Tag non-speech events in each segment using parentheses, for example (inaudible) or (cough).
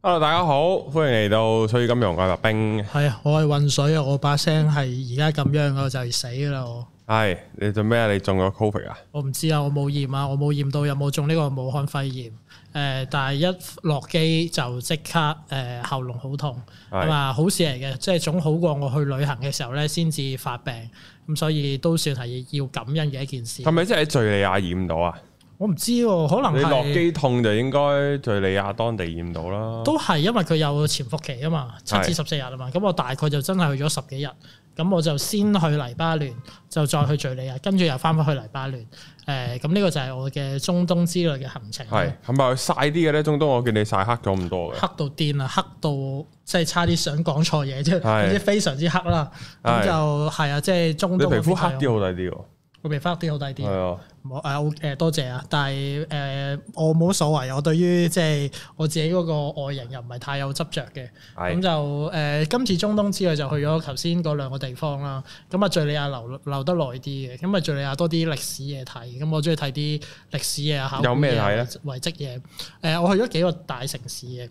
Hello，大家好，歡迎嚟到水金融嘅白兵。係啊、哎，我係混水啊，我把聲係而家咁樣咯，就係死啦我。係、哎、你做咩啊？你中咗 covid 啊？我唔知啊，我冇驗啊，我冇驗到有冇中呢個武漢肺炎。誒、呃，但係一落機就即刻誒、呃、喉嚨好痛啊嘛、哎嗯，好事嚟嘅，即係總好過我去旅行嘅時候咧先至發病。咁所以都算係要感恩嘅一件事。係咪即係喺敘利亞驗到啊？我唔知喎、啊，可能你落機痛就應該敘利亞當地驗到啦。都係因為佢有潛伏期啊嘛，七至十四日啊嘛。咁的我大概就真係去咗十幾日，咁我就先去黎巴嫩，就再去敘利亞，跟住又翻返去黎巴嫩。誒、呃，咁呢個就係我嘅中東之旅嘅行程。係，係咪曬啲嘅咧？中東我見你曬黑咗咁多嘅。黑到癲啊！黑到即係差啲想講錯嘢啫。係，非常之黑啦。咁就係啊的，即係中東。皮膚黑啲好睇啲喎。會俾翻屋企好低啲。係的啊，冇多謝啊！但係誒、呃，我冇乜所謂，我對於即係我自己嗰個外形又唔係太有執着嘅。咁的就誒、呃，今次中東之旅就去咗頭先嗰兩個地方啦。咁啊，敍利亞留留得耐啲嘅，因為敍利亞多啲歷史嘢睇。咁、啊、我中意睇啲歷史嘢啊，考古嘢。有咩睇咧？遺跡嘢。誒，我去咗幾個大城市嘅。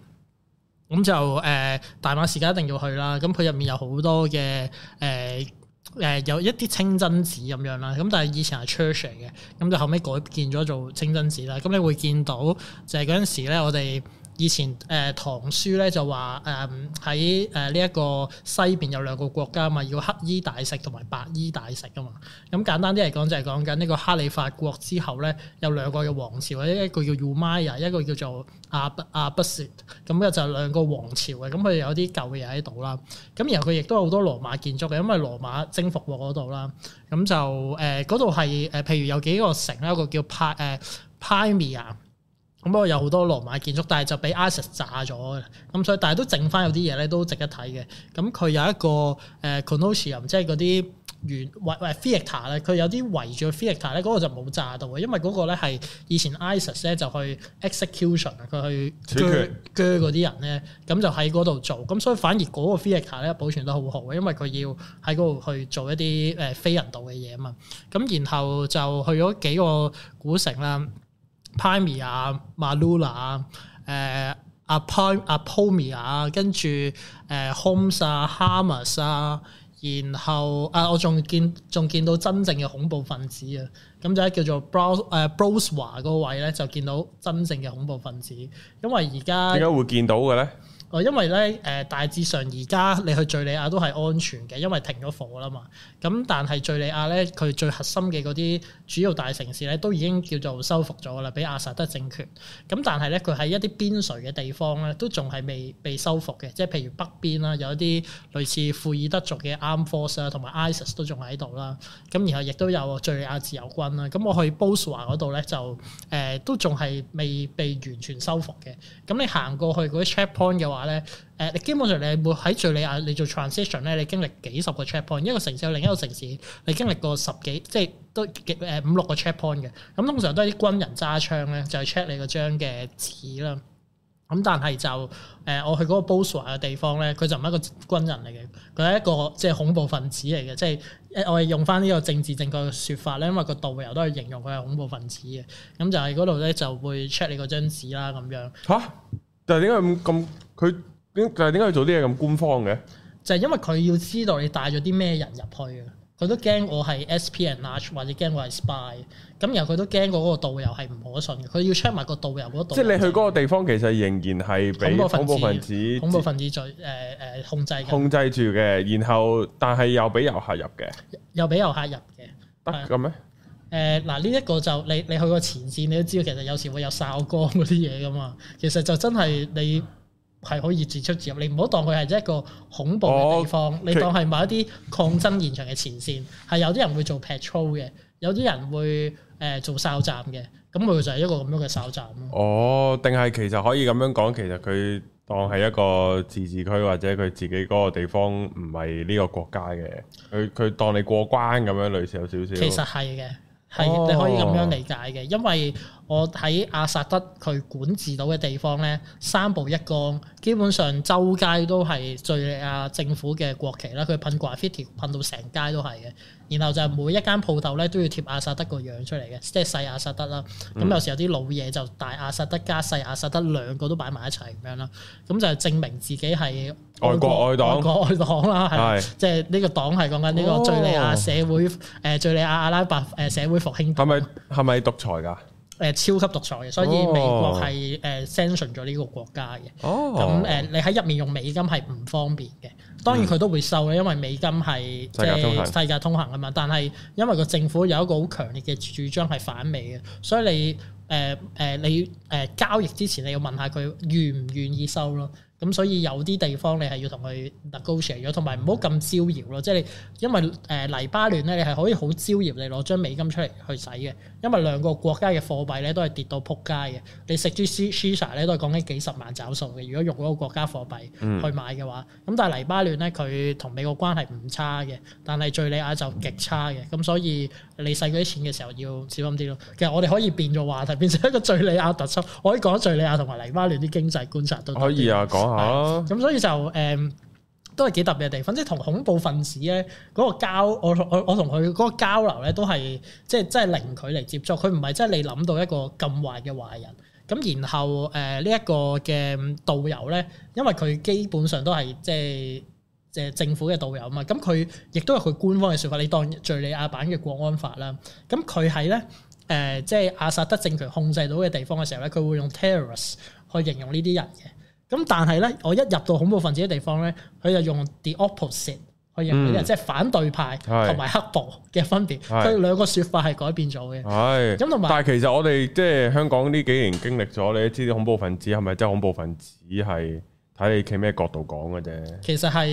咁就誒、呃，大馬士革一定要去啦。咁佢入面有好多嘅誒。啊誒有一啲清真寺咁樣啦，咁但係以前係 church 嚟嘅，咁就後尾改建咗做清真寺啦。咁你會見到就係嗰陣時咧，我哋。以前誒、呃、唐書咧就話誒喺誒呢一個西邊有兩個國家嘛，要黑衣大食同埋白衣大食啊嘛。咁、嗯、簡單啲嚟講，就係講緊呢個哈里發國之後咧，有兩個嘅王朝，一個叫 Umayyah，一個叫做阿不阿不攝。咁嘅、嗯、就係、兩個王朝嘅，咁、嗯、佢有啲舊嘅嘢喺度啦。咁、嗯、然後佢亦都有好多羅馬建築嘅，因為羅馬征服過嗰度啦。咁、嗯、就誒嗰度係誒譬如有幾個城啦，一個叫派誒 Pamia。Uh, 咁不過有好多羅馬建築，但係就俾 ISIS 炸咗嘅。咁所以，但係都整翻有啲嘢咧，都值得睇嘅。咁佢有一個誒 Colosseum，即係嗰啲圓，呃、a, 圍圍 theater 咧，佢有啲圍住 theater 咧，嗰個就冇炸到嘅，因為嗰個咧係以前 ISIS 咧 IS 就去 execution 啊，佢去鋸決鋸嗰啲人咧，咁就喺嗰度做。咁所以反而嗰個 theater 咧保存得好好嘅，因為佢要喺嗰度去做一啲誒非人道嘅嘢啊嘛。咁然後就去咗幾個古城啦。派米啊，馬努拉啊，誒阿派阿普米啊，跟住誒 homes 啊，哈姆斯啊，然後啊，我仲見仲見到真正嘅恐怖分子啊。咁就係叫做 bro 誒 broswa 個位咧，就見到真正嘅恐怖分子，因為而家點解會見到嘅咧？因為咧，誒大致上而家你去敘利亞都係安全嘅，因為停咗火啦嘛。咁但係敘利亞咧，佢最核心嘅嗰啲主要大城市咧，都已經叫做收復咗啦，俾阿薩德政權。咁但係咧，佢喺一啲邊陲嘅地方咧，都仲係未被收復嘅，即係譬如北邊啦，有一啲類似庫爾德族嘅 armed force 啦，同埋 ISIS 都仲喺度啦。咁然後亦都有敘利亞自由軍啦。咁我去 Bosra 嗰度咧，就、呃、誒都仲係未被完全收復嘅。咁你行過去嗰啲 checkpoint 嘅話，話咧，誒，你基本上你係會喺敘利亞你做 transition 咧，你經歷幾十個 checkpoint，一個城市到另一個城市，你經歷過十幾，即係都誒五六個 checkpoint 嘅，咁通常都係啲軍人揸槍咧，就係 check 你嗰張嘅紙啦。咁但係就誒，我去嗰個 Bosra 嘅地方咧，佢就唔係一個軍人嚟嘅，佢係一個即係、就是、恐怖分子嚟嘅，即、就、係、是、我係用翻呢個政治正確嘅說法咧，因為個導遊都係形容佢係恐怖分子嘅，咁就喺嗰度咧就會 check 你嗰張紙啦，咁樣。吓、啊，但係點解咁咁？佢點就係點解要做啲嘢咁官方嘅？就係因為佢要知道你帶咗啲咩人入去啊！佢都驚我係 S.P. and large 或者驚我係 spy。咁然後佢都驚嗰個導遊係唔可信嘅。佢要 check 埋個導遊嗰度。即係你去嗰個地方，其實仍然係俾恐，恐怖分子、恐怖分子控制、呃，控制住嘅，然後但係又俾遊客入嘅，又俾遊客入嘅。得嘅咩？誒嗱，呢一個就你你去過前線，你都知道其實有時會有哨崗嗰啲嘢噶嘛。其實就真係你。係可以自出自入，你唔好當佢係一個恐怖嘅地方，哦、你當係某一啲抗爭現場嘅前線，係 (laughs) 有啲人會做 patrol 嘅，有啲人會誒、呃、做哨站嘅，咁佢就係一個咁樣嘅哨站。哦，定係其實可以咁樣講，其實佢當係一個自治區或者佢自己嗰個地方唔係呢個國家嘅，佢佢當你過關咁樣類似有少少。其實係嘅。係，你可以咁樣理解嘅，因為我喺阿薩德佢管治到嘅地方咧，三步一崗，基本上周街都係敍利亞政府嘅國旗啦，佢噴 graffiti 噴到成街都係嘅。然後就係每一間鋪頭咧都要貼阿薩德個樣出嚟嘅，即係細阿薩德啦。咁、嗯、有時候有啲老嘢就大阿薩德加細阿薩德兩個都擺埋一齊咁樣啦。咁就係證明自己係愛，愛國愛黨，愛國愛黨啦，係即係呢個黨係講緊呢個敍利亞社會誒敍、哦、利亞阿拉伯誒社會復興黨。係咪係咪獨裁㗎？誒超級獨裁嘅，所以美國係誒 sanction 咗呢個國家嘅。咁誒、oh. 呃、你喺入面用美金係唔方便嘅。當然佢都會收啦，因為美金係即係世界通行啊嘛。但係因為個政府有一個好強烈嘅主張係反美嘅，所以你誒誒、呃、你誒、呃、交易之前你要問下佢願唔願意收咯。咁所以有啲地方你係要同佢 negotiate 咗，同埋唔好咁招搖咯。即係你因為誒黎巴嫩咧，你係可以好招搖，你攞、呃、張美金出嚟去使嘅。因為兩個國家嘅貨幣咧都係跌到撲街嘅。你食啲 shisha 咧都係講緊幾十萬找數嘅。如果用嗰個國家貨幣去買嘅話，咁、嗯、但係黎巴嫩咧佢同美國關係唔差嘅，但係敍利亞就極差嘅。咁所以你使嗰啲錢嘅時候要小心啲咯。其實我哋可以變咗話題，變成一個敍利亞特輯，我可以講敍利亞同埋黎巴嫩啲經濟觀察都可以，可以啊，講。哦，咁所以就誒、嗯，都係幾特別嘅地方，即係同恐怖分子咧嗰、嗰個交，我我我同佢嗰個交流咧都係，即係即係零距離接觸，佢唔係即係你諗到一個咁壞嘅壞人，咁然後誒、呃呢個、呢一個嘅導遊咧，因為佢基本上都係即係即係政府嘅導遊啊嘛，咁佢亦都有佢官方嘅說法，你當敘利亞版嘅國安法啦，咁佢喺咧誒即係阿薩德政權控制到嘅地方嘅時候咧，佢會用 terrorist 去形容呢啲人嘅。咁但係咧，我一入到恐怖分子嘅地方咧，佢就用 the opposite 去形容，嗯、即係反對派同埋黑暴嘅分別，佢是兩個説法係改變咗嘅。係是，咁同埋，但係其實我哋即係香港呢幾年經歷咗，你都知啲恐怖分子係咪真恐怖分子係？睇你企咩角度講嘅啫。其實係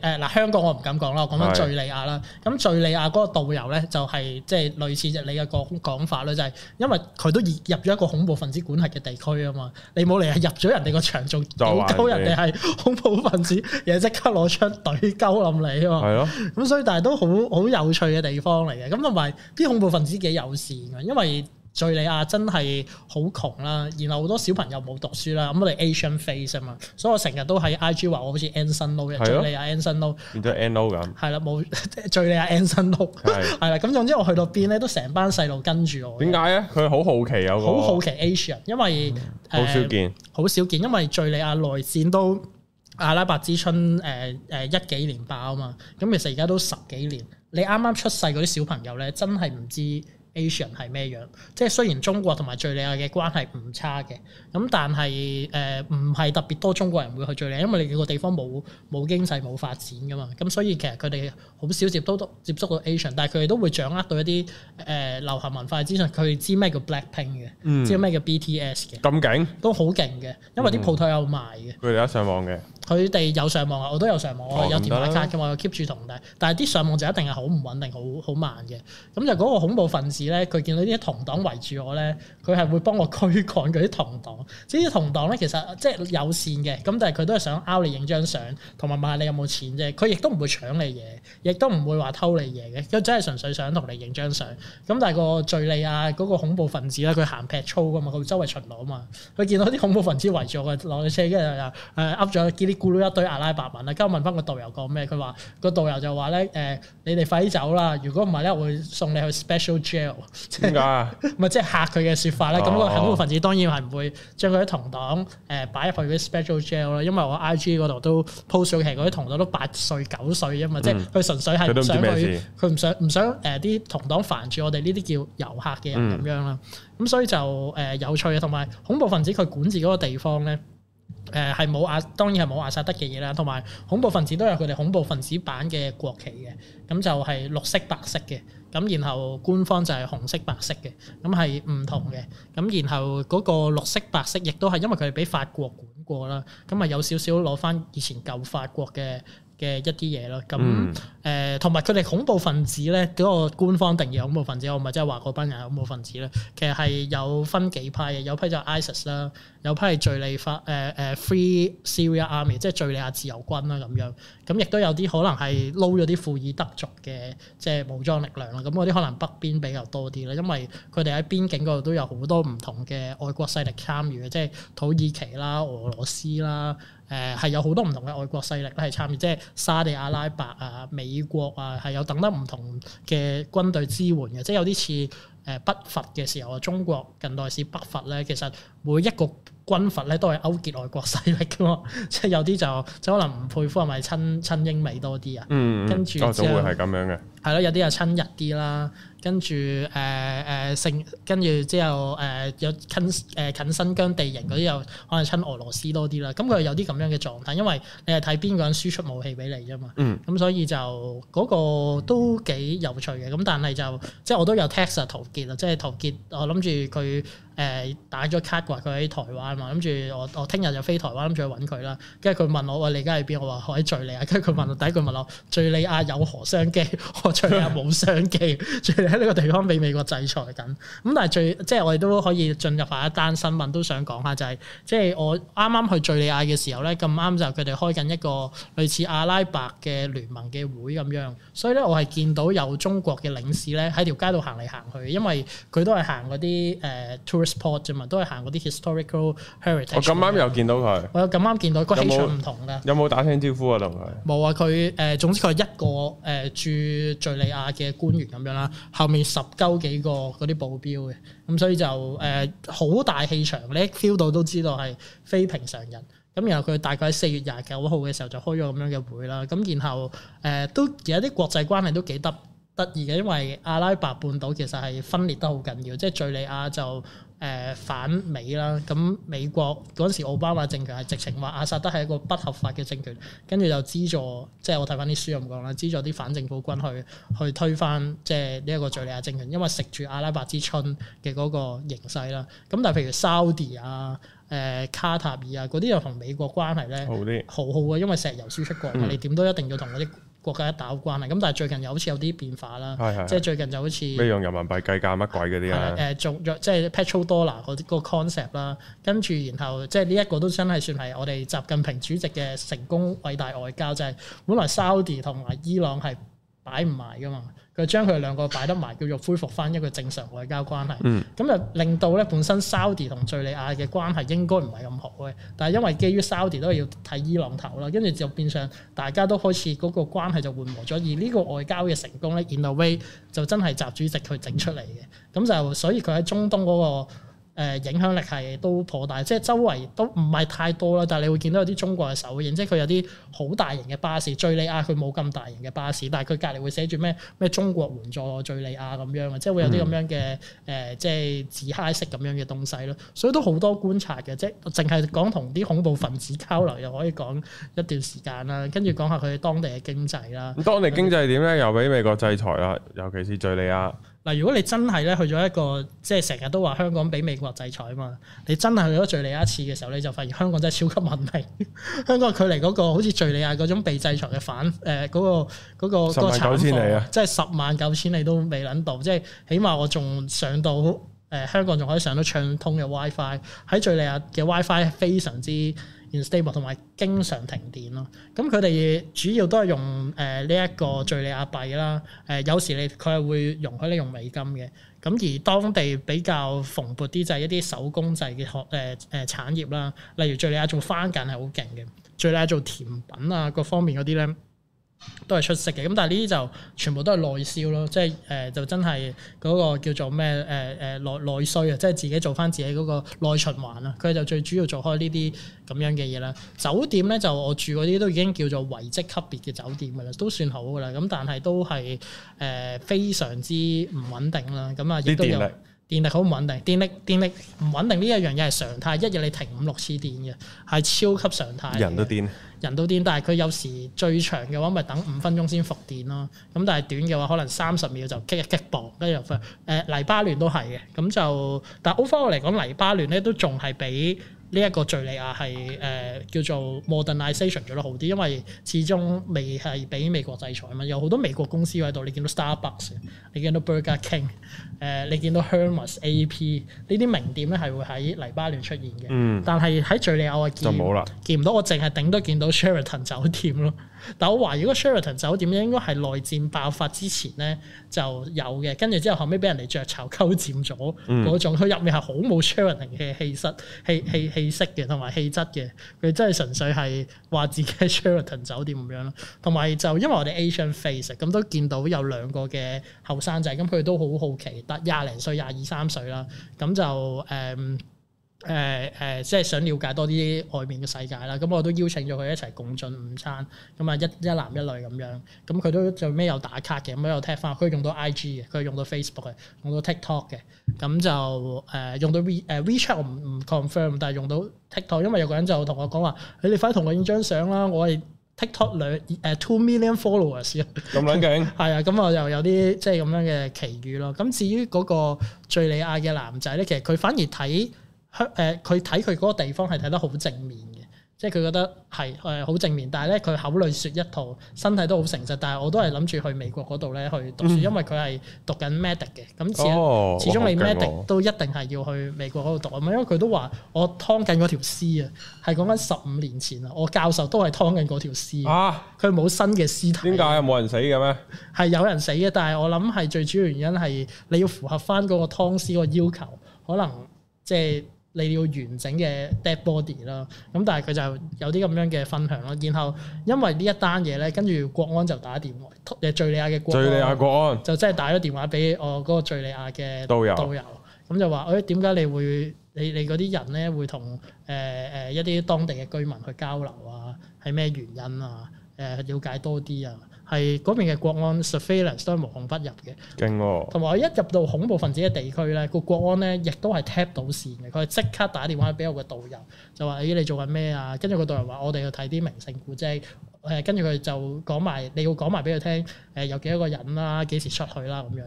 誒嗱，香港我唔敢講啦，我講緊敘利亞啦。咁敘是的 利亞嗰個導遊咧，就係即係類似就你嘅講講法啦，就係因為佢都入咗一個恐怖分子管轄嘅地區啊嘛。你冇理由入咗人哋個場做，搞玩人哋係恐怖分子，又係即刻攞槍隊鳩冧你啊嘛。係咯。咁所以但係都好好有趣嘅地方嚟嘅。咁同埋啲恐怖分子幾友善㗎，因為。敍利亞真係好窮啦，然後好多小朋友冇讀書啦，咁我哋 Asian face 啊嘛，所以我成日都喺 IG 話我好似 Anson Lo 嘅，敍利亞 Anson Lo，變咗 Anson Lo 咁，係啦，冇敍利亞 Anson Lo，係啦，咁總之我去到邊咧，都成班細路跟住我。點解咧？佢好好奇有個好好奇 Asian，因為好少見，好少見，因為敍利亞內戰都阿拉伯之春誒誒一幾年爆啊嘛，咁其實而家都十幾年，你啱啱出世嗰啲小朋友咧，真係唔知。Asian 係咩樣？即係雖然中國同埋敍利亞嘅關係唔差嘅，咁但係誒唔係特別多中國人會去敍利亞，因為你兩個地方冇冇經濟冇發展噶嘛。咁所以其實佢哋好少接到都接觸到 Asian，但係佢哋都會掌握到一啲誒、呃、流行文化資訊。佢知咩叫 Blackpink 嘅，嗯、知咩叫 BTS 嘅。咁勁？都好勁嘅，因為啲鋪頭有賣嘅。佢哋而家上網嘅。佢哋有上網啊，我都有上網，我有電話卡嘅嘛，keep 住同但係，但係啲上網就一定係好唔穩定，好好慢嘅。咁就嗰個恐怖分子咧，佢見到啲同黨圍住我咧，佢係會幫我驅趕嗰啲同黨。即係啲同黨咧，其實即係友善嘅，咁但係佢都係想拗你影張相，同埋問下你有冇錢啫。佢亦都唔會搶你嘢，亦都唔會話偷你嘢嘅，佢真係純粹想同你影張相。咁但係個敘利亞，嗰個恐怖分子啦，佢行劈粗噶嘛，佢周圍巡邏啊嘛，佢見到啲恐怖分子圍住我嘅落車，跟住又誒噏咗幾攰到一堆阿拉伯文啦，咁我問翻個導遊講咩？佢話、那個導遊就話咧：誒、呃，你哋快啲走啦！如果唔係咧，我會送你去 special jail，點解？咪即係嚇佢嘅説法咧？咁、哦、個恐怖分子當然係唔會將佢啲同黨誒擺、呃、入去啲 special jail 啦，因為我 IG 嗰度都 post 咗其實嗰啲同黨都八歲九歲啊嘛，嗯、即係佢純粹係想佢，佢唔想唔想誒啲、呃、同黨煩住我哋呢啲叫遊客嘅人咁樣啦。咁、嗯、所以就誒有趣嘅，同埋恐怖分子佢管治嗰個地方咧。誒係冇亞，當然係冇亞薩德嘅嘢啦。同埋恐怖分子都有佢哋恐怖分子版嘅國旗嘅，咁就係綠色白色嘅。咁然後官方就係紅色白色嘅，咁係唔同嘅。咁然後嗰個綠色白色亦都係因為佢哋俾法國管過啦，咁啊有少少攞翻以前舊法國嘅嘅一啲嘢咯，咁誒同埋佢哋恐怖分子咧，嗰個官方定義恐怖分子，我咪即係話嗰班人恐怖分子咧。其實係有分幾派嘅，有批就 ISIS 啦 IS，有批係敍利法誒誒、呃、Free Syria Army，即係敍利亞自由軍啦咁樣。咁亦都有啲可能係撈咗啲庫爾德族嘅即係武裝力量啦。咁嗰啲可能北邊比較多啲啦，因為佢哋喺邊境嗰度都有好多唔同嘅外國勢力參與嘅，即係土耳其啦、俄羅斯啦。誒係有好多唔同嘅外國勢力咧，係參與，即係沙地阿拉伯啊、美國啊，係有等得唔同嘅軍隊支援嘅，即係有啲似誒北伐嘅時候啊，中國近代史北伐咧，其實每一局。軍閥咧都係勾結外國勢力㗎嘛，即 (laughs) 係有啲就即可能吳佩孚係咪親親英美多啲啊、嗯？嗯，跟住之後會係咁樣嘅，係咯，有啲又親日啲啦，跟住誒誒，成、呃、跟住之後誒有近誒近，近新疆地形嗰啲又可能親俄羅斯多啲啦。咁佢、嗯、有啲咁樣嘅狀態，因為你係睇邊個人輸出武器俾你啫嘛。嗯，咁所以就嗰、那個都幾有趣嘅。咁但係就即係我都有 tax 啊、er，陶傑啊，即係陶傑。我諗住佢。誒打咗卡話佢喺台灣嘛，諗住我我聽日就飛台灣，諗住去揾佢啦。跟住佢問我：喂，你而家喺邊？我話我喺敘利亞。跟住佢問第一句問我：敘利亞有何商機？我敘利亞冇商機。敘利亞呢個地方畀美國制裁緊。咁但係最即係我哋都可以進入下一單新聞，都想講下就係、是、即係我啱啱去敘利亞嘅時候咧，咁啱就佢哋開緊一個類似阿拉伯嘅聯盟嘅會咁樣。所以咧，我係見到有中國嘅領事咧喺條街度行嚟行去，因為佢都係行嗰啲誒 sport 啫嘛，都係行啲 historical heritage。我咁啱又見到佢，我又咁啱見到個氣場唔同嘅。有冇打聲招呼啊？同佢冇啊。佢誒、呃，總之佢係一個誒、呃、住敍利亞嘅官員咁樣啦，後面十鳩幾個嗰啲保鏢嘅，咁所以就誒好、呃、大氣場，你 feel 到都知道係非平常人。咁然後佢大概喺四月廿九號嘅時候就開咗咁樣嘅會啦。咁然後誒、呃、都，一都有一啲國際關係都幾得得意嘅，因為阿拉伯半島其實係分裂得好緊要，即係敍利亞就。誒反美啦，咁美國嗰陣時奧巴馬政權係直情話阿薩德係一個不合法嘅政權，跟住就資助，即係我睇翻啲書我唔講啦，資助啲反政府軍去去推翻即係呢一個敍利亞政權，因為食住阿拉伯之春嘅嗰個形勢啦。咁但係譬如 Saudi 啊、誒、呃、卡塔爾啊嗰啲又同美國關係咧好啲好好嘅，因為石油輸出國，你點都一定要同嗰啲。國家一打關啊！咁但係最近又好似有啲變化啦，即係最近就好似咩用人民幣計價乜鬼嗰啲啊？誒、呃，做即係 petrol dollar 嗰個 concept 啦，跟住然後即係呢一個都真係算係我哋習近平主席嘅成功偉大外交，就係、是、本來 Saudi 同埋伊朗係擺唔埋㗎嘛。佢將佢兩個擺得埋，叫做恢復翻一個正常外交關係。咁就、嗯、令到咧本身 Saudi 同敍利亞嘅關係應該唔係咁好嘅，但係因為基於 Saudi 都要睇伊朗頭啦，跟住就變相大家都開始嗰個關係就緩和咗。而呢個外交嘅成功咧，In a way，就真係習主席佢整出嚟嘅。咁就所以佢喺中東嗰、那個。誒，影響力係都頗大，即係周圍都唔係太多啦，但係你會見到有啲中國嘅首映，即係佢有啲好大型嘅巴士。敍利亞佢冇咁大型嘅巴士，但係佢隔離會寫住咩咩中國援助敍利亞咁樣，即係會有啲咁樣嘅誒、嗯呃，即係自嗨式咁樣嘅東西咯。所以都好多觀察嘅，即係淨係講同啲恐怖分子交流又可以講一段時間啦，跟住講下佢當地嘅經濟啦、嗯。當地經濟點咧？又俾美國制裁啦，尤其是敍利亞。嗱，如果你真係咧去咗一個，即係成日都話香港俾美國制裁啊嘛，你真係去咗敍利亞一次嘅時候，你就發現香港真係超級文明。香港距離嗰、嗰個好似敍利亞嗰種被制裁嘅反，誒、呃、嗰、嗰個嗰、嗰個、嗰個、慘況、10, 9, 即係十萬九千里你都未諗到，即係起碼我仲上到誒、呃、香港仲可以上到暢通嘅 WiFi，喺敍利亞嘅 WiFi 非常之 stable 同埋經常停電咯，咁佢哋主要都係用誒呢一個敍利亞幣啦，誒有時你佢係會容許你用美金嘅。咁而當地比較蓬勃啲就係一啲手工製嘅學誒誒產業啦，例如敍利亞做番梘係好勁嘅，敍利亞做甜品啊各方面嗰啲咧，都係出色嘅，咁但係呢啲就全部都係內銷咯，即係誒就真係嗰個叫做咩誒誒內內需啊，即係自己做返自己嗰個內循環啦。佢就最主要做開呢啲咁樣嘅嘢啦。酒店咧就我住嗰啲都已經叫做遺跡級別嘅酒店噶啦，都算好噶啦。咁但係都係誒、呃、非常之唔穩定啦。咁啊亦都有。電力好唔穩定，電力電力唔穩定呢一樣嘢係常態，一日你停五六次電嘅，係超級常態。人都癲，人都癲，但係佢有時最長嘅話咪等五分鐘先復電咯，咁但係短嘅話可能三十秒就激一激暴，跟住又復。呃、黎巴嫩都係嘅，咁就但係 overall 嚟講黎巴嫩咧都仲係比。呢一個敍利亞係誒叫做 modernization 做得好啲，因為始終未係俾美國制裁嘛，有好多美國公司喺度，你見到 Starbucks，你見到 Burger King，誒你見到 Hermes A P 呢啲名店咧係會喺黎巴嫩出現嘅，嗯，但係喺敍利亞我見就冇，見唔到，我淨係頂多見到 Sheraton 酒店咯。但我懷疑，個 Sheraton 酒店咧，應該係內戰爆發之前咧就有嘅，跟住之後後尾俾人哋著巢購佔咗嗰種，佢入、嗯、面係好冇 Sheraton 嘅氣質、氣氣氣息嘅，同埋氣質嘅，佢真係純粹係話自己係 Sheraton 酒店咁樣咯。同埋就因為我哋 Asian face 咁都見到有兩個嘅後生仔，咁佢都好好奇，得廿零歲、廿二三歲啦，咁就誒。嗯誒誒，即係、呃呃、想了解多啲外面嘅世界啦，咁我都邀請咗佢一齊共進午餐，咁啊一一男一女咁樣，咁佢都最尾有打卡嘅，咁有 tap 翻，佢用到 IG 嘅，佢用到 Facebook 嘅，用到 TikTok 嘅，咁就誒、啊、用到 WeChat 我唔 confirm，但係用到 TikTok，因為有個人就同我講話，你哋快啲同我影張相啦，我係 TikTok 兩誒、呃、two million followers 啊，咁撚勁，係啊，咁我又有啲即係咁樣嘅奇遇咯。咁至於嗰個敍利亞嘅男仔咧，其實佢反而睇。香，誒，佢睇佢嗰個地方係睇得好正面嘅，即係佢覺得係誒，好正面。但係咧，佢口裡説一套身體都好誠實，但係我都係諗住去美國嗰度咧，去讀書，嗯、因為佢係讀緊 medical 嘅。咁始、哦、始終你 medical 都一定係要去美國嗰度讀啊嘛。哇因為佢都話我劏緊嗰條屍啊，係講緊十五年前啊，我教授都係劏緊嗰條屍啊。佢冇新嘅屍體，點解冇人死嘅咩？係有人死嘅，但係我諗係最主要原因係你要符合翻嗰個劏屍個要求，可能即係。你要完整嘅 dead body 啦，咁但係佢就有啲咁樣嘅分享啦。然後因為呢一單嘢咧，跟住國安就打電話，嘅敍利亞嘅國安敍利亞國安，亞國安就真係打咗電話俾我嗰個敍利亞嘅導遊導遊，咁就話：誒點解你會你你嗰啲人咧會同誒誒一啲當地嘅居民去交流啊？係咩原因啊？誒、呃、了解多啲啊！係嗰邊嘅國安 surveillance 都係無孔不入嘅，勁喎、哦！同埋我一入到恐怖分子嘅地區咧，個國安咧亦都係 tap 到線嘅，佢係即刻打電話俾我個導遊，就話：咦、哎，你做緊咩啊？跟住個導遊話：我哋去睇啲名勝古蹟，誒，跟住佢就講埋你要講埋俾佢聽，誒、呃，有幾多個人啦、啊，幾時出去啦、啊、咁樣。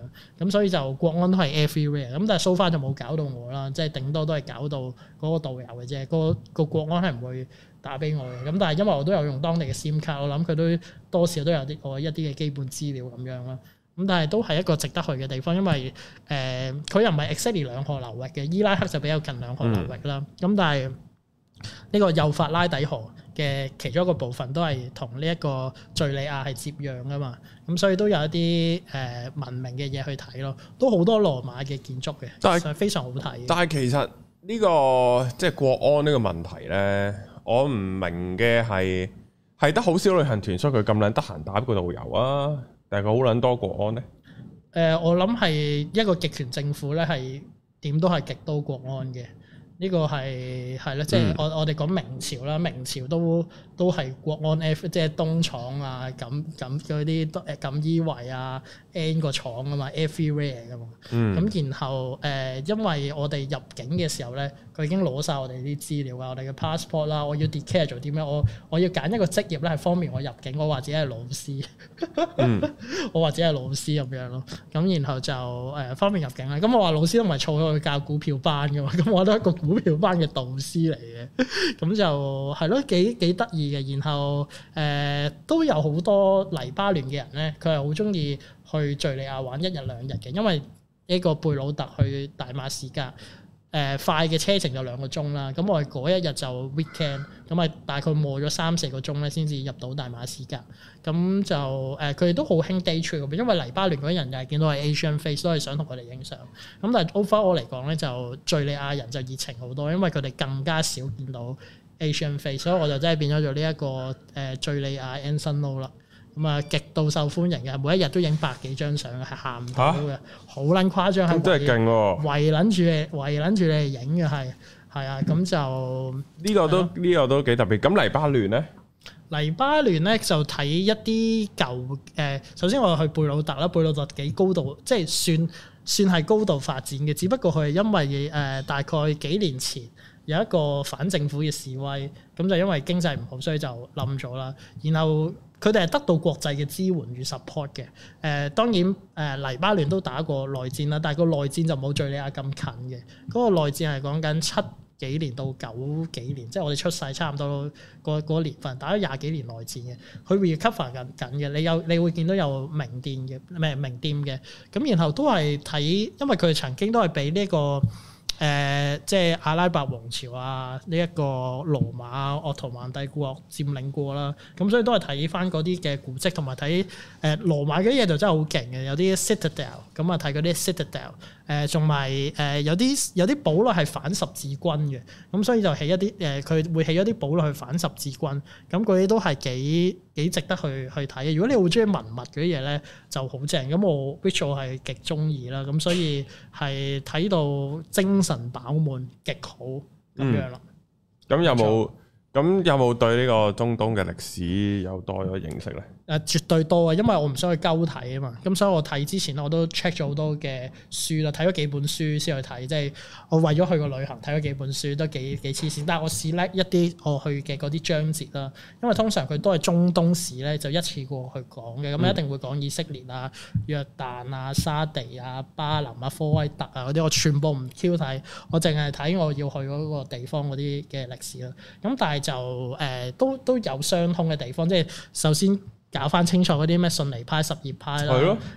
咁所以就國安都係 everywhere，咁但係 so far 就冇搞到我啦，即、就、係、是、頂多都係搞到嗰個導遊嘅啫，那個、那個國安係唔會，打俾我嘅，咁但係因為我都有用當地嘅 SIM 卡，我諗佢都多少都有啲我一啲嘅基本資料咁樣啦。咁但係都係一個值得去嘅地方，因為誒佢、呃、又唔係 exactly 兩河流域嘅，伊拉克就比較近兩河流域啦。咁、嗯、但係呢、這個幼發拉底河嘅其中一個部分都係同呢一個敍利亞係接壤噶嘛，咁所以都有一啲誒、呃、文明嘅嘢去睇咯，都好多羅馬嘅建築嘅，係但非常好睇。但係其實呢、這個即係、就是、國安呢個問題咧。我唔明嘅係係得好少旅行團，所以佢咁撚得閒打個導遊啊，定係佢好撚多國安呢？誒、呃，我諗係一個極權政府咧，係點都係極多國安嘅。呢個係係啦，即係我我哋講明朝啦，明朝都都係國安 F，即係東廠啊，錦錦嗰啲錦衣衞啊，N 個廠啊嘛，Everywhere 嘅嘛。咁、e 啊嗯、然後誒、呃，因為我哋入境嘅時候咧，佢已經攞晒我哋啲資料啊，我哋嘅 passport 啦，我要 declare 做啲咩？我我要揀一個職業咧係方便我入境。我話自己係老師， (laughs) 嗯、 (laughs) 我話自己係老師咁樣咯。咁然後就誒、呃、方便入境啦。咁我話老師都唔係坐喺度教股票班嘅嘛。咁我都一、那個。股票班嘅導師嚟嘅，咁 (laughs) 就係咯，幾幾得意嘅。然後誒、呃、都有好多黎巴嫩嘅人咧，佢係好中意去敍利亞玩一日兩日嘅，因為呢個貝魯特去大馬士革。誒、呃、快嘅車程就兩個鐘啦，咁、嗯、我哋嗰一日就 weekend，咁啊大概磨咗三四個鐘咧，先至入到大馬士革。咁、嗯、就誒佢哋都好興 day trip，因為黎巴嫩嗰啲人又係見到係 Asian face，所以想同佢哋影相。咁、嗯、但係 overall 嚟講咧，就敍利亞人就熱情好多，因為佢哋更加少見到 Asian face，所以我就真係變咗做呢一個誒敍、呃、利亞 encino 啦。咁啊，極度受歡迎嘅，每一日都影百幾張相嘅，喊唔到嘅，好撚、啊、誇張，係真係勁喎，圍撚住，圍撚住你哋影嘅係，係啊，咁就呢個都呢、這個都幾特別。咁黎巴嫩呢？黎巴嫩呢，就睇一啲舊誒、呃。首先我去貝魯特啦，貝魯特幾高度，即係算算係高度發展嘅。只不過佢係因為誒、呃、大概幾年前有一個反政府嘅示威，咁就因為經濟唔好，所以就冧咗啦。然後佢哋係得到國際嘅支援與 support 嘅，誒、呃、當然誒、呃、黎巴嫩都打過內戰啦，但係個內戰就冇敍利亞咁近嘅，嗰、那個內戰係講緊七幾年到九幾年，即係我哋出世差唔多咯、那個，個個年份打咗廿幾年內戰嘅，佢 recover 緊緊嘅，你有你會見到有名店嘅，咩名店嘅，咁然後都係睇，因為佢曾經都係俾呢個。誒、呃，即係阿拉伯王朝啊，呢、這、一個羅馬、鄂圖曼帝國佔領過啦，咁、嗯、所以都係睇翻嗰啲嘅古跡，同埋睇誒羅馬嗰啲嘢就真係好勁嘅，有啲 citadel，咁、嗯、啊睇嗰啲 citadel。誒，同埋誒，有啲有啲堡壘係反十字軍嘅，咁所以就起一啲誒，佢會起一啲堡壘去反十字軍，咁嗰啲都係幾幾值得去去睇。如果你好中意文物嗰啲嘢咧，就好正。咁我 Rachel 係極中意啦，咁所以係睇到精神飽滿，極好咁、嗯、樣啦。咁有冇咁有冇錯對呢個中東嘅歷史有多咗認識咧？誒絕對多啊，因為我唔想去鳩睇啊嘛，咁所以我睇之前我都 check 咗好多嘅書啦，睇咗幾本書先去睇，即、就、係、是、我為咗去個旅行睇咗幾本書，都幾幾黐線。但係我選叻一啲我去嘅嗰啲章節啦，因為通常佢都係中東史咧就一次過去講嘅，咁、嗯、一定會講以色列啊、約旦啊、沙地啊、巴林啊、科威特啊嗰啲，我全部唔 Q 睇，我淨係睇我要去嗰個地方嗰啲嘅歷史啦。咁但係就誒都、呃、都有相通嘅地方，即係首先。搞翻清楚嗰啲咩遜尼派、什葉派啦，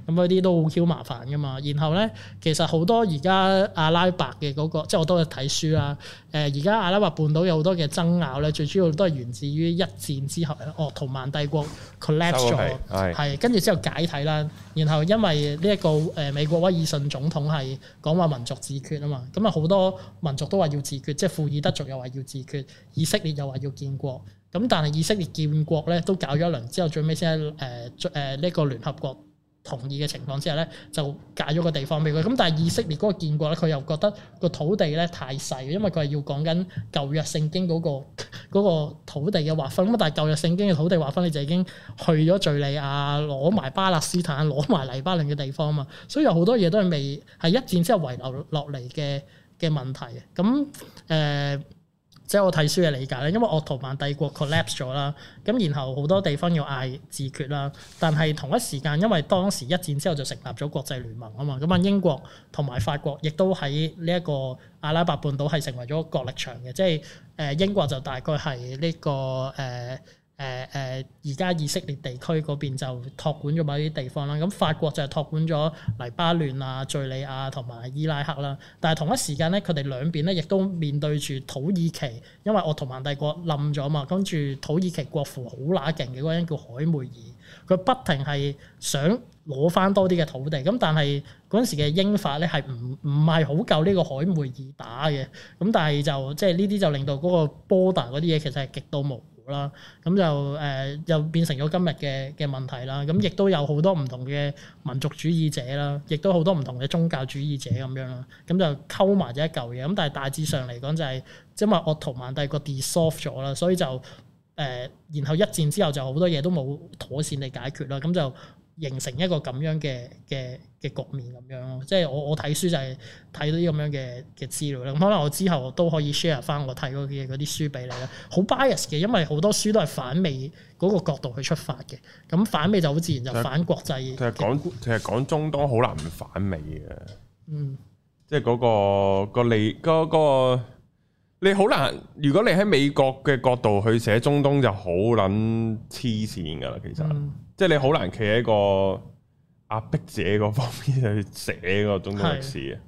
咁嗰啲都好 Q 麻煩噶嘛。然後咧，其實好多而家阿拉伯嘅嗰、那個，即係我都去睇書啦。誒、呃，而家阿拉伯半島有好多嘅爭拗咧，最主要都係源自於一戰之後，哦，鄂圖曼帝國 collapse 咗，係跟住之後解體啦。然後因為呢、這、一個誒、呃、美國威爾遜總統係講話民族自決啊嘛，咁啊好多民族都話要自決，即係庫爾德族又話要自決，以色列又話要建國。咁但係以色列建國咧都搞咗一輪，之後最尾先喺誒誒呢個聯合國同意嘅情況之下咧，就解咗個地方俾佢。咁但係以色列嗰個建國咧，佢又覺得土呢、那個那個土地咧太細，因為佢係要講緊舊約聖經嗰個土地嘅劃分。咁但係舊約聖經嘅土地劃分，你就已經去咗敍利亞攞埋巴勒斯坦攞埋黎巴嫩嘅地方啊嘛。所以有好多嘢都係未係一戰之後遺留落嚟嘅嘅問題。咁誒。呃即係我睇書嘅理解咧，因為鄂圖曼帝國 collapse 咗啦，咁然後好多地方要嗌自決啦，但係同一時間，因為當時一戰之後就成立咗國際聯盟啊嘛，咁啊英國同埋法國亦都喺呢一個阿拉伯半島係成為咗角力場嘅，即係誒英國就大概係呢、這個誒。呃誒誒，而家以色列地區嗰邊就託管咗某啲地方啦。咁法國就係託管咗黎巴嫩啊、敍利亞同埋伊拉克啦。但係同一時間咧，佢哋兩邊咧亦都面對住土耳其，因為我同曼帝國冧咗嘛。跟住土耳其國父好乸勁嘅嗰人叫海梅爾，佢不停係想攞翻多啲嘅土地。咁但係嗰陣時嘅英法咧係唔唔係好夠呢個海梅爾打嘅。咁但係就即係呢啲就令到嗰個波 o 嗰啲嘢其實係極度冇啦，咁就誒、呃、又變成咗今日嘅嘅問題啦。咁亦都有好多唔同嘅民族主義者啦，亦都好多唔同嘅宗教主義者咁樣啦。咁就溝埋咗一嚿嘢。咁但係大致上嚟講就係、是，即係話鄂圖曼帝國 dissolve 咗啦，所以就誒、呃，然後一戰之後就好多嘢都冇妥善地解決啦。咁就。形成一個咁樣嘅嘅嘅局面咁樣咯，即係我我睇書就係睇到啲咁樣嘅嘅資料啦。咁可能我之後都可以 share 返我睇過嘅嗰啲書俾你啦。好 bias 嘅，因為好多書都係反美嗰個角度去出發嘅。咁反美就好自然、嗯、就反國際。其實講其實、就是、講中東好難唔反美嘅。嗯，即係嗰個個利嗰個你好、嗰個、難。如果你喺美國嘅角度去寫中東就好撚黐線㗎啦，其實、嗯。即係你好難企喺個壓迫者嗰方面去寫嗰種歷史嘅，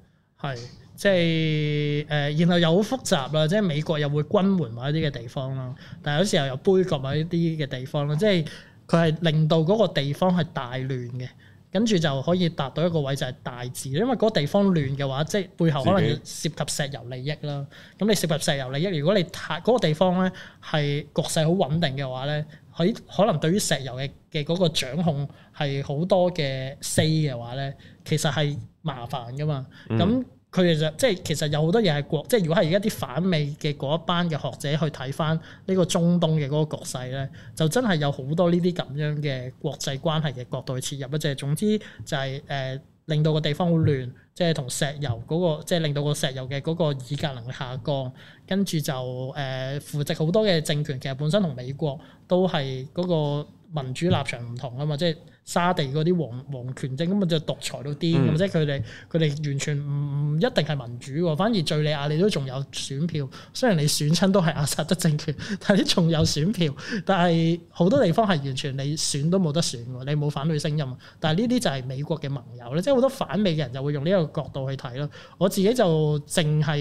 係即係誒、呃，然後又好複雜啦，即係美國又會軍援某啲嘅地方咯，但係有時候又杯葛某啲嘅地方咧，即係佢係令到嗰個地方係大亂嘅。跟住就可以達到一個位就係大治，因為嗰個地方亂嘅話，即係背後可能要涉及石油利益啦。咁己你涉及石油利益，如果你太嗰、那個地方咧係國勢好穩定嘅話咧，喺可，可能對於石油嘅嘅嗰個掌控係好多嘅 say 嘅話咧，其實係麻煩㗎嘛。咁、嗯佢其實即係其實有好多嘢係國，即係如果係而家啲反美嘅嗰一班嘅學者去睇返呢個中東嘅嗰個局勢咧，就真係有好多呢啲咁樣嘅國際關係嘅角度去切入，即係總之就係、是、誒、呃、令到個地方好亂，即係同石油嗰、嗰個即係令到個石油嘅嗰個議價能力下降，跟住就誒、呃、扶植好多嘅政權，其實本身同美國都係嗰個民主立場唔同啊嘛，即係、嗯。就係沙地嗰啲王王權政咁啊，就獨裁到癲咁，嗯、即係佢哋佢哋完全唔唔一定係民主喎，反而敍利亞你都仲有選票，雖然你選親都係阿薩德政權，但係你仲有選票，但係好多地方係完全你選都冇得選喎，你冇反對聲音。但係呢啲就係美國嘅盟友咧，即係好多反美嘅人就會用呢一個角度去睇咯。我自己就淨係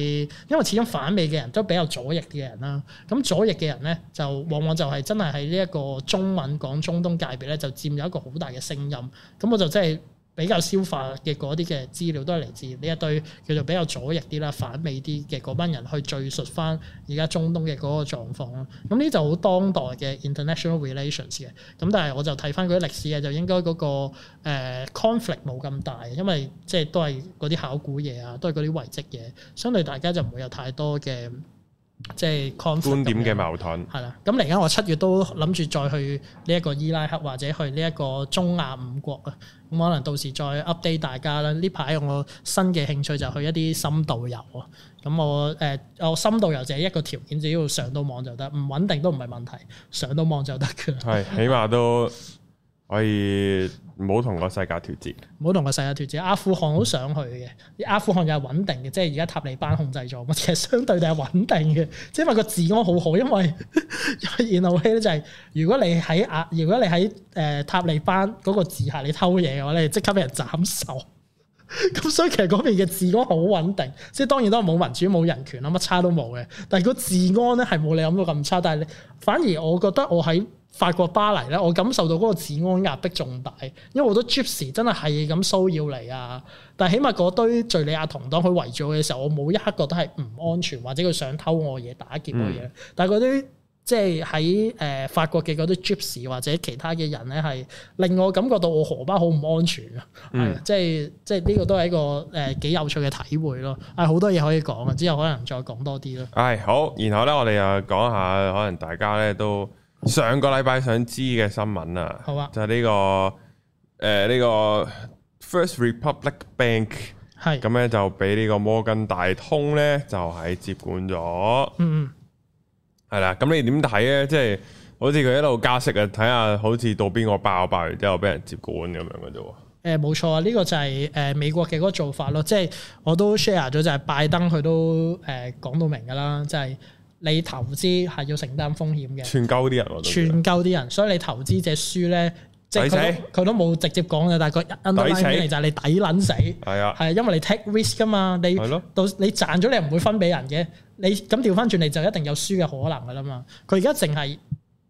因為始終反美嘅人都比較左翼嘅人啦，咁左翼嘅人咧就往往就係真係喺呢一個中文講中東界別咧，就佔有一個好大。嘅聲音，咁我就真係比較消化嘅嗰啲嘅資料，都係嚟自呢一堆叫做比較左翼啲啦、反美啲嘅嗰班人去敘述翻而家中東嘅嗰個狀況咯。咁呢就好當代嘅 international relations 嘅。咁但係我就睇翻嗰啲歷史嘅，就應該嗰個、呃、conflict 冇咁大，因為即係都係嗰啲考古嘢啊，都係嗰啲遺跡嘢，相對大家就唔會有太多嘅。即係 conflict 觀點嘅矛盾係啦，咁嚟緊我七月都諗住再去呢一個伊拉克或者去呢一個中亞五國啊，咁可能到時再 update 大家啦。呢排我新嘅興趣就去一啲深度遊啊，咁我誒、呃、我深度遊就係一個條件，只要上到網就得，唔穩定都唔係問題，上到網就得㗎。係，起碼都可以。 (laughs) 唔好同個世界脫節，唔好同個世界脫節。阿富汗好想去嘅，阿富汗又係穩定嘅，即係而家塔利班控制咗，咁其實相對就係穩定嘅，即係因為個治安好好。因為然後咧就係如果你喺阿如果你喺誒、呃、塔利班嗰個字下你偷嘢嘅話咧，即刻俾人斬手。咁 (laughs) 所以其實嗰邊嘅治安好穩定，即係當然都係冇民主、冇人權啦，乜差都冇嘅。但係個治安咧係冇你諗到咁差，但係你反而我覺得我喺法國巴黎咧，我感受到嗰個治安壓迫仲大，因為好多 Gypsy 真係係咁騷擾你啊！但係起碼嗰堆敍利亞同黨去圍住我嘅時候，我冇一刻覺得係唔安全，或者佢想偷我嘢打劫我嘢。嗯、但係嗰啲即係喺誒法國嘅嗰啲 Gypsy 或者其他嘅人咧，係令我感覺到我荷包好唔安全啊！係、嗯、即係即係呢個都係一個誒幾、呃、有趣嘅體會咯。係好多嘢可以講啊，之後可能再講多啲咯。唉、哎，好，然後咧我哋又講下，可能大家咧都。上個禮拜想知嘅新聞啊，好啊，就係呢、這個誒呢、呃這個 First Republic Bank 係咁咧就俾呢個摩根大通咧就係、是、接管咗，嗯嗯，係啦。咁你點睇咧？即、就、係、是、好似佢一路加息啊，睇下好似到邊個爆爆完之後俾人接管咁樣嘅啫。誒、呃，冇錯啊，呢、這個就係誒美國嘅嗰個做法咯。即、就、係、是、我都 share 咗，就係拜登佢都誒講到明噶啦，即係。你投資係要承擔風險嘅，全救啲人覺得，全救啲人，所以你投資者輸咧，死即係佢都冇直接講嘅，但係佢一噸翻嚟就係你抵撚死，係死啊，係因為你 take risk 㗎嘛，你係咯，到、啊、你賺咗你又唔會分俾人嘅，你咁調翻轉嚟就一定有輸嘅可能㗎啦嘛，佢而家淨係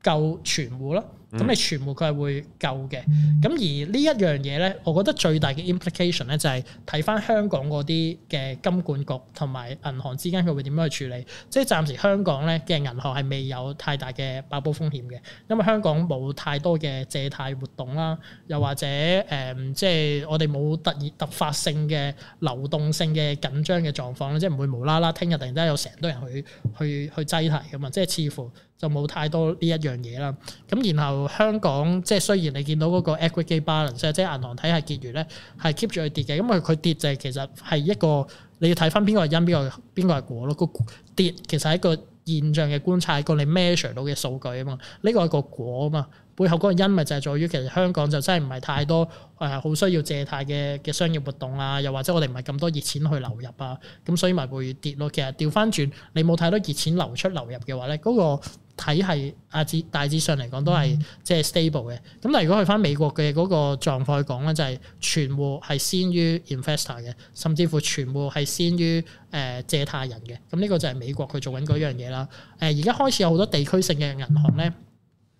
救全戶咯。咁你、嗯、全部佢係會救嘅，咁而呢一樣嘢咧，我覺得最大嘅 implication 咧就係睇翻香港嗰啲嘅金管局同埋銀行之間佢會點樣去處理。即係暫時香港咧嘅銀行係未有太大嘅爆煲風險嘅，因為香港冇太多嘅借貸活動啦，又或者誒、呃，即係我哋冇突然突發性嘅流動性嘅緊張嘅狀況，即係唔會無啦啦聽日突然間有成多人去去去，去擠提㗎嘛，即係似乎。就冇太多呢一樣嘢啦，咁然後香港即係雖然你見到嗰個 equity balance 即係銀行體系結餘咧，係 keep 住佢跌嘅，因為佢跌就係其實係一個你要睇返邊個係因，邊個邊個係果咯，個跌其實係一個現象嘅觀察，一個你 measure 到嘅數據啊嘛，呢個係個果啊嘛。背後嗰個因咪就係在於其實香港就真係唔係太多誒好需要借貸嘅嘅商業活動啊，又或者我哋唔係咁多熱錢去流入啊，咁所以咪會跌咯。其實調翻轉，你冇太多熱錢流出流入嘅話咧，嗰、那個體係啊大致上嚟講都係即係 stable 嘅。咁但係如果去翻美國嘅嗰個狀況去講咧，就係、是、存戶係先於 investor 嘅，甚至乎存戶係先於誒、呃、借貸人嘅。咁呢個就係美國佢做緊嗰樣嘢啦。誒而家開始有好多地區性嘅銀行咧。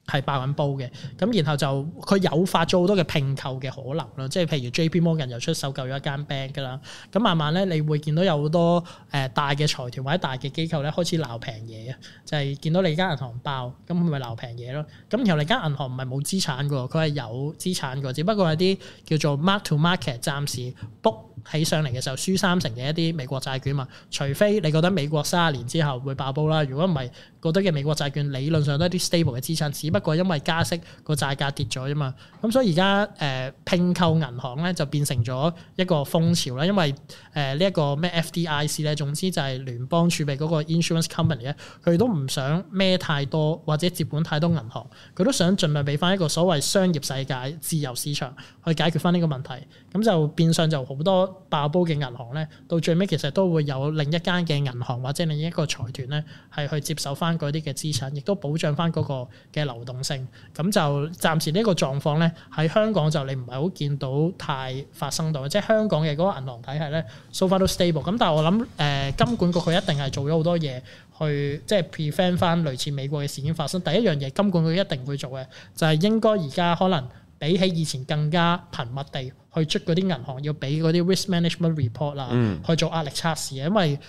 係爆緊煲嘅，咁然後就佢誘發咗好多嘅拼購嘅可能啦，即係譬如 JP Morgan 又出手救咗一間 bank 噶啦，咁慢慢咧，你會見到有好多誒、呃、大嘅財團或者大嘅機構咧開始鬧平嘢啊，就係、是、見到你間銀行爆，咁佢咪鬧平嘢咯。咁然後你間銀行唔係冇資產嘅喎，佢係有資產嘅，只不過係啲叫做 mark to market 暫時 book 起上嚟嘅時候輸三成嘅一啲美國債券嘛。除非你覺得美國三十年之後會爆煲啦，如果唔係。嗰啲嘅美國債券理論上都係啲 stable 嘅資產，只不過因為加息個債價跌咗啫嘛。咁所以而家誒拼購銀行咧就變成咗一個風潮啦，因為誒呢一個咩 FDIC 咧，總之就係聯邦儲備嗰個 insurance company 咧，佢都唔想孭太多或者接管太多銀行，佢都想盡量俾翻一個所謂商業世界自由市場去解決翻呢個問題，咁就變相就好多爆煲嘅銀行咧，到最尾其實都會有另一間嘅銀行或者另一個財團咧係去接手翻。嗰啲嘅資產，亦都保障翻嗰個嘅流動性。咁就暫時呢個狀況咧，喺香港就你唔係好見到太發生到，即係香港嘅嗰個銀行體系咧，so far 都 stable。咁但係我諗，誒金管局佢一定係做咗好多嘢去，即係 prevent 翻類似美國嘅事件發生。第一樣嘢，金管局一定會做嘅，就係應該而家可能比起以前更加頻密地去出嗰啲銀行要俾嗰啲 risk management report 啦，去做壓力測試，因為，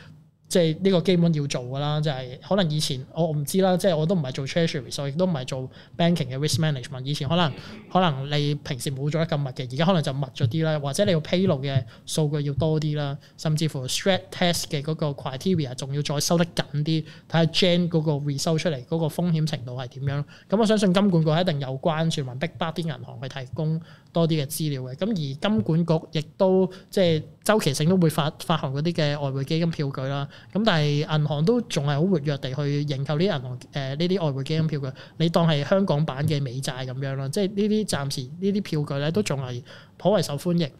即係呢個基本要做嘅啦，就係、是、可能以前我唔知啦，即、就、係、是、我都唔係做 treasury，亦都唔係做 banking 嘅 risk management。以前可能可能你平時冇做得咁密嘅，而家可能就密咗啲啦，或者你要披露嘅數據要多啲啦，甚至乎 stress test 嘅嗰個 criteria 仲要再收得緊啲，睇下 gen 嗰個 result 出嚟嗰個風險程度係點樣。咁我相信金管局一定有關注，或逼多啲銀行去提供多啲嘅資料嘅。咁而金管局亦都即係。就是周期性都會發發行嗰啲嘅外匯基金票據啦，咁但係銀行都仲係好活躍地去認購呢啲銀行誒呢啲外匯基金票據，你當係香港版嘅美債咁樣咯，即係呢啲暫時呢啲票據呢都仲係頗為受歡迎。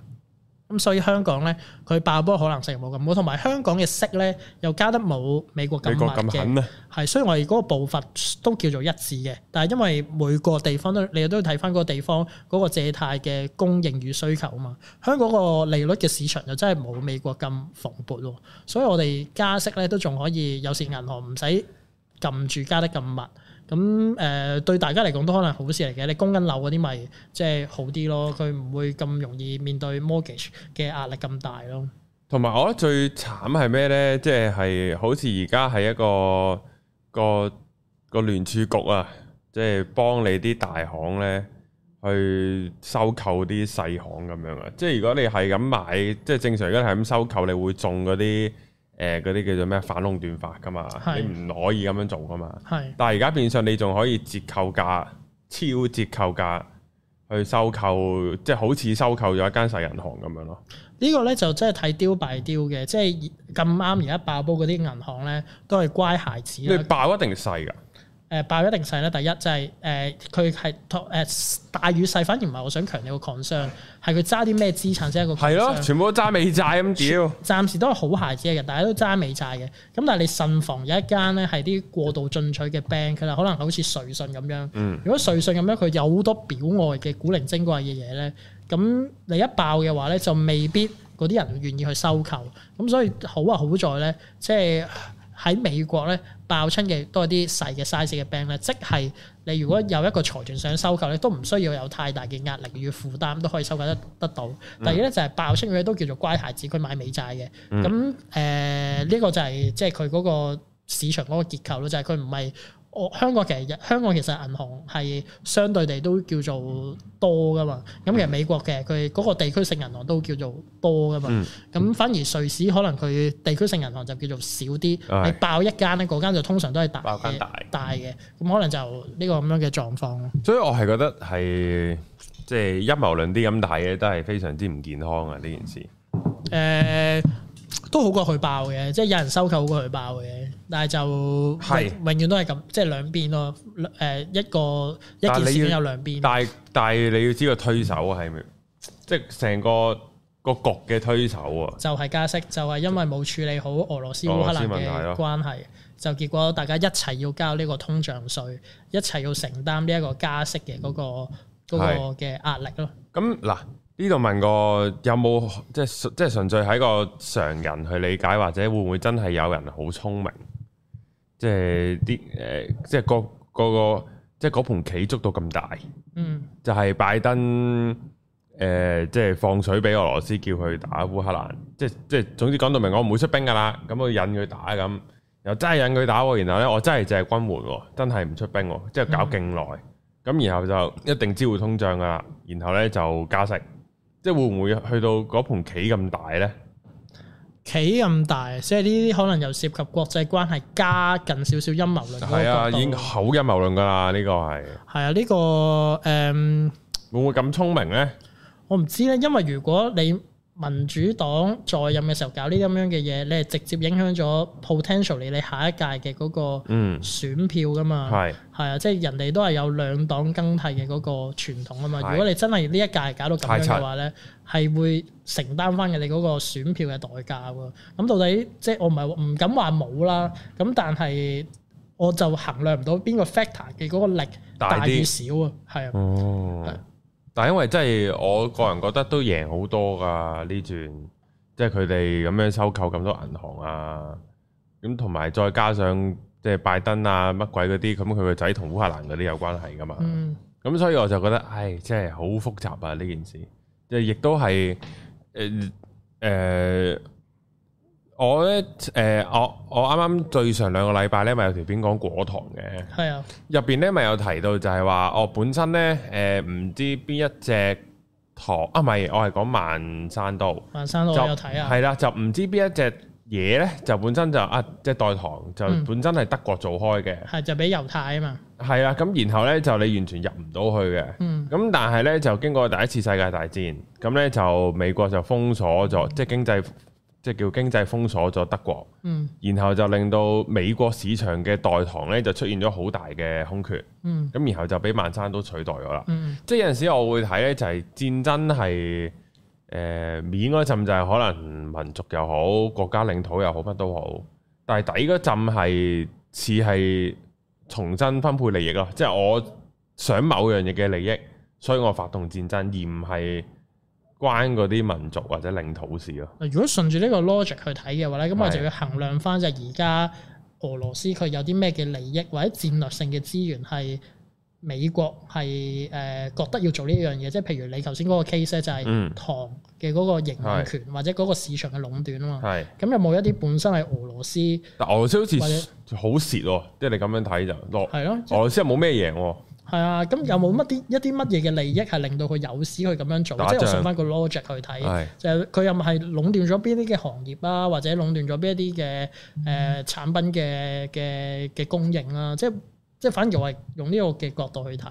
咁所以香港咧，佢爆波可能性冇咁好，同埋香港嘅息咧又加得冇美國咁密嘅，係。雖然我哋嗰個步伐都叫做一致嘅，但係因為每個地方都，你都要睇翻嗰個地方嗰個借貸嘅供應與需求啊嘛。香港個利率嘅市場就真係冇美國咁蓬勃，所以我哋加息咧都仲可以有時銀行唔使撳住加得咁密。咁誒、呃、對大家嚟講都可能好事嚟嘅，你供緊樓嗰啲咪即係好啲咯，佢唔會咁容易面對 mortgage 嘅壓力咁大咯。同埋我覺得最慘係咩咧？即係係好似而家係一個個個聯儲局啊，即係幫你啲大行咧去收購啲細行咁樣啊。即係如果你係咁買，即係正常而家係咁收購，你會中嗰啲。誒嗰啲叫做咩反壟斷法㗎嘛，是你唔可以咁樣做㗎嘛。係是，但係而家變相你仲可以折扣價超折扣價去收購，即係好似收購咗一間細銀行咁樣咯。個呢個咧就真係睇丟敗丟嘅，即係咁啱而家爆煲嗰啲銀行咧都係乖孩子你爆一定細㗎？誒爆一定細啦，第一就係誒佢係誒大與細，反而唔係我想強調 concern，係佢揸啲咩資產先一個 concern。係咯，全部都揸美債咁屌。暫時都係好孩子嘅人，大家都揸美債嘅。咁但係你慎防有一間咧係啲過度進取嘅 bank 啦，可能好似瑞信咁樣。嗯。如果瑞信咁樣，佢有好多表外嘅古靈精怪嘅嘢咧，咁你一爆嘅話咧，就未必嗰啲人願意去收購。咁所以好啊，好在咧，即係。喺美國咧爆親嘅都係啲細嘅 size 嘅 bank 咧，即係你如果有一個財團想收購咧，都唔需要有太大嘅壓力與負擔，都可以收購得得到。第二咧就係爆親嘅都叫做乖孩子，佢買美債嘅。咁誒呢個就係即係佢嗰個市場嗰個結構咯，就係佢唔係。我香港其實香港其實銀行係相對地都叫做多噶嘛，咁、嗯、其實美國嘅佢嗰個地區性銀行都叫做多噶嘛，咁、嗯嗯、反而瑞士可能佢地區性銀行就叫做少啲，嗯、你爆一間咧，嗰間就通常都係大嘅，爆間大嘅，咁、嗯、可能就呢個咁樣嘅狀況咯。所以我係覺得係即係陰謀論啲咁睇嘅都係非常之唔健康啊呢件事。誒、嗯。都好過佢爆嘅，即係有人收購好過佢爆嘅。但係就永係永遠都係咁，即係兩邊咯。誒，一個一件事有兩邊。但係但係你要知道個推手係咩？即係成個個局嘅推手啊！就係加息，就係因為冇處理好俄羅斯烏克蘭嘅關係，就結果大家一齊要交呢個通脹稅，一齊要承擔呢一個加息嘅嗰個嗰個嘅壓力咯。咁嗱。呢度問過有冇即係即係純粹係一個常人去理解，或者會唔會真係有人好聰明？嗯、即係啲、呃、即係嗰即係嗰盤棋捉到咁大，嗯、就係拜登誒、呃，即係放水俾俄羅斯，叫佢打烏克蘭，即即係總之講到明，我唔會出兵噶啦，咁我引佢打咁，又真係引佢打，然後呢，我真係就係軍援，真係唔出兵，即係搞勁耐，咁、嗯、然後就一定招回通脹噶啦，然後呢，就加息。即係會唔會去到嗰盤棋咁大咧？棋咁大，所以呢啲可能又涉及國際關係，加近少少陰謀論。係啊，已經好陰謀論噶啦，呢個係。係啊，呢個誒會唔會咁聰明咧？我唔知咧，因為如果你。民主黨在任嘅時候搞呢啲咁樣嘅嘢，你係直接影響咗 potentially 你你下一屆嘅嗰個選票噶嘛？係係啊，即係人哋都係有兩黨更替嘅嗰個傳統啊嘛。的如果你真係呢一屆搞到咁樣嘅話咧，係的會承擔翻你嗰個選票嘅代價噶。咁到底即係、就是、我唔係唔敢話冇啦。咁但係我就衡量唔到邊個 factor 嘅嗰個力大與小啊。係啊。的但因為真係，我個人覺得都贏好多㗎呢段，即係佢哋咁樣收購咁多銀行啊，咁同埋再加上即係拜登啊乜鬼嗰啲，咁佢個仔同烏克蘭嗰啲有關係㗎嘛，咁、嗯、所以我就覺得，唉，真係好複雜啊呢件事，即係亦都係誒誒。呃呃我咧誒、呃，我我啱啱最上兩個禮拜咧，咪有條片講果糖嘅，係啊的，入邊咧咪有提到就係話，我本身咧誒，唔、呃、知邊一隻糖啊，唔係，我係講孟山都，孟山都就有睇啊，係啦，就唔知邊一隻嘢咧，就本身就啊，即代糖就本身係德國做開嘅，係、嗯、就俾猶太啊嘛，係啊，咁然後咧就你完全入唔到去嘅，嗯，咁但係咧就經過第一次世界大戰，咁咧就美國就封鎖咗，嗯、即經濟。即係叫經濟封鎖咗德國，嗯、然後就令到美國市場嘅代糖咧就出現咗好大嘅空缺，咁、嗯、然後就俾萬山都取代咗啦。嗯、即係有陣時我會睇咧，就係戰爭係誒、呃、面嗰陣就係可能民族又好、國家領土又好乜都好，但係底嗰陣係似係重新分配利益咯，即係我想某樣嘢嘅利益，所以我發動戰爭而唔係。關嗰啲民族或者領土事咯。如果順住呢個 logic 去睇嘅話咧，咁我就要衡量翻就而家俄羅斯佢有啲咩嘅利益或者戰略性嘅資源係美國係誒覺得要做呢樣嘢，即係譬如你頭先嗰個 case 咧就係唐嘅嗰個營運權或者嗰個市場嘅壟斷啊嘛。係咁、嗯、有冇一啲本身係俄羅斯？但俄羅斯好似好蝕喎，即係者你咁樣睇就落。係咯的，俄羅斯又冇咩贏。係啊，咁有冇乜啲一啲乜嘢嘅利益係令到佢有事去咁樣做？掌即係我上翻個 logic 去睇，的就係佢又咪係壟斷咗邊啲嘅行業啊，或者壟斷咗邊一啲嘅誒產品嘅嘅嘅供應啦？即係即係反而我係用呢個嘅角度去睇，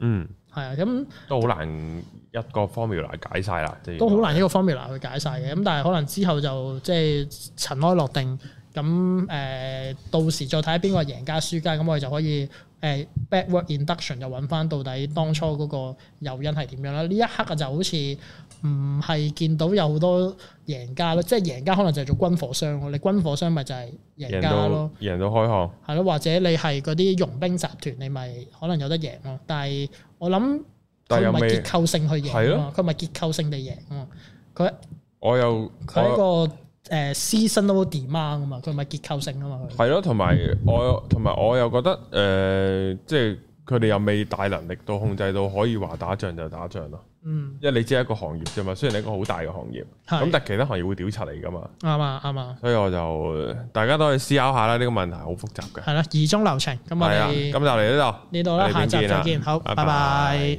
嗯，係啊，咁都好難一個 formula 解晒啦。都好難一個 formula 去解晒嘅，咁、嗯、但係可能之後就即係塵埃落定，咁誒到時再睇邊個贏家輸家，咁我哋就可以。誒 backward induction 就揾翻到底當初嗰個誘因係點樣啦？呢一刻就好似唔係見到有好多贏家咯，即係贏家可能就係做軍火商咯，你軍火商咪就係贏家咯，贏到開行，係咯，或者你係嗰啲傭兵集團，你咪可能有得贏咯。但係我諗，佢唔係結構性去贏咯，佢咪結構性地贏啊？佢我又佢一個誒私心都好 demand 啊嘛，佢唔係結構性啊嘛。係咯、嗯，同埋我同埋、嗯、我又覺得誒，即係佢哋又未大能力到控制到可以話打仗就打仗咯。嗯，因為你只係一個行業啫嘛，雖然你一個好大嘅行業，咁是但係其他行業會屌柒你噶嘛。啱啊啱啊。所以我就大家都去思考下啦，呢、呢個問題好複雜嘅。係啦，二中流程。咁我哋咁、啊、就嚟呢度呢度啦，下集再見。好，拜拜。